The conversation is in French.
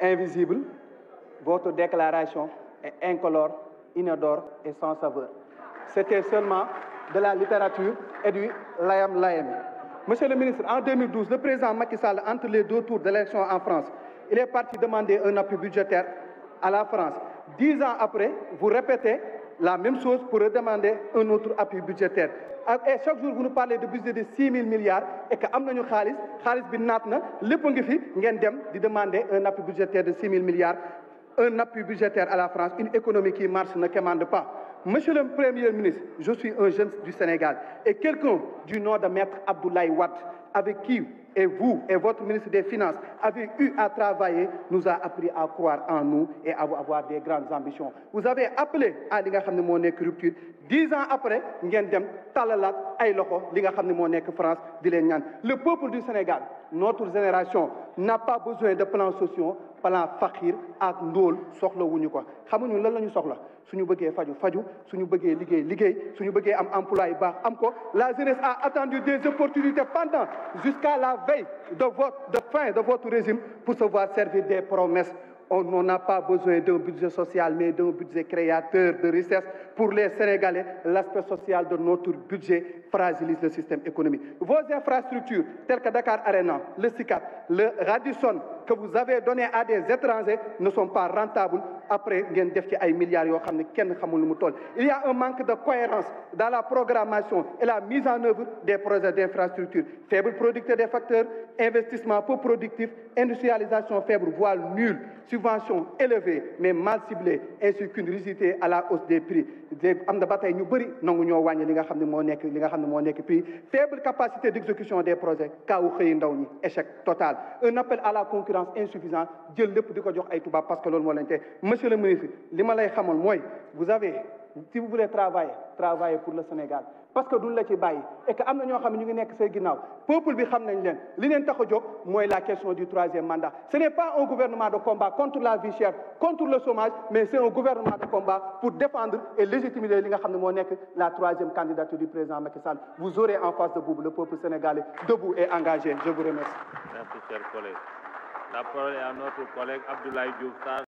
invisible, votre déclaration est incolore, inodore et sans saveur. C'était seulement de la littérature et du laïm laïm. Monsieur le ministre, en 2012, le président Macky Sall, entre les deux tours de l'élection en France, il est parti demander un appui budgétaire à la France. Dix ans après, vous répétez la même chose pour demander un autre appui budgétaire et eh, chaque jour vous nous parlez de budget de 6 000 milliards et que nous avons un xaalis bi naat na fi dem demander un appui budgétaire de 6 000 milliards un appui budgétaire à la France une économie qui marche ne commande pas Monsieur le Premier ministre, je suis un jeune du Sénégal et quelqu'un du nom de Maître Abdoulaye Wade avec qui et vous et votre ministre des Finances avez eu à travailler nous a appris à croire en nous et à avoir des grandes ambitions. Vous avez appelé à li de rupture dix ans après nous avons tàllalaat ay de li nga France le peuple du Sénégal notre génération n'a pas besoin de plans sociaux plan fakir, ak ndóol soxla ko xamuñu lan la ñu soxla suñu bëggee faju faju suñu liggéey liggéey am emploi la jeunesse a attendu des opportunités pendant jusqu'à la veille de, votre, de fin de votre régime pour se voir servir des promesses on n'a pas besoin d'un budget social, mais d'un budget créateur de richesse. Pour les Sénégalais, l'aspect social de notre budget fragilise le système économique. Vos infrastructures, telles que Dakar Arena, le SICAP, le Radisson, que vous avez donné à des étrangers ne sont pas rentables après qu'il def milliards il y a un manque de cohérence dans la programmation et la mise en œuvre des projets d'infrastructure faible producteur des facteurs investissement peu productif industrialisation faible voire nulle subvention élevée mais mal ciblée ainsi qu'une rigidité à la hausse des prix faible capacité d'exécution des projets échec total un appel à la concurrence violence insuffisante pour lépp di dire jox ay bas parce que l'on moo leen monsieur le ministre les malais vous avez si vous voulez travailler travaillez pour le Sénégal parce que nous, la ci et que nous, avons ñoo ñu ngi peuple bi la question du troisième mandat ce n'est pas un gouvernement de combat contre la vie chère contre le chômage mais c'est un gouvernement de combat pour défendre et légitimer li nga la troisième candidature du président Macky Sall vous aurez en face de vous le peuple sénégalais debout et engagé je vous remercie. Merci, cher collègue. তারপরে আমরা to colleague Abdullah Ayub স্যার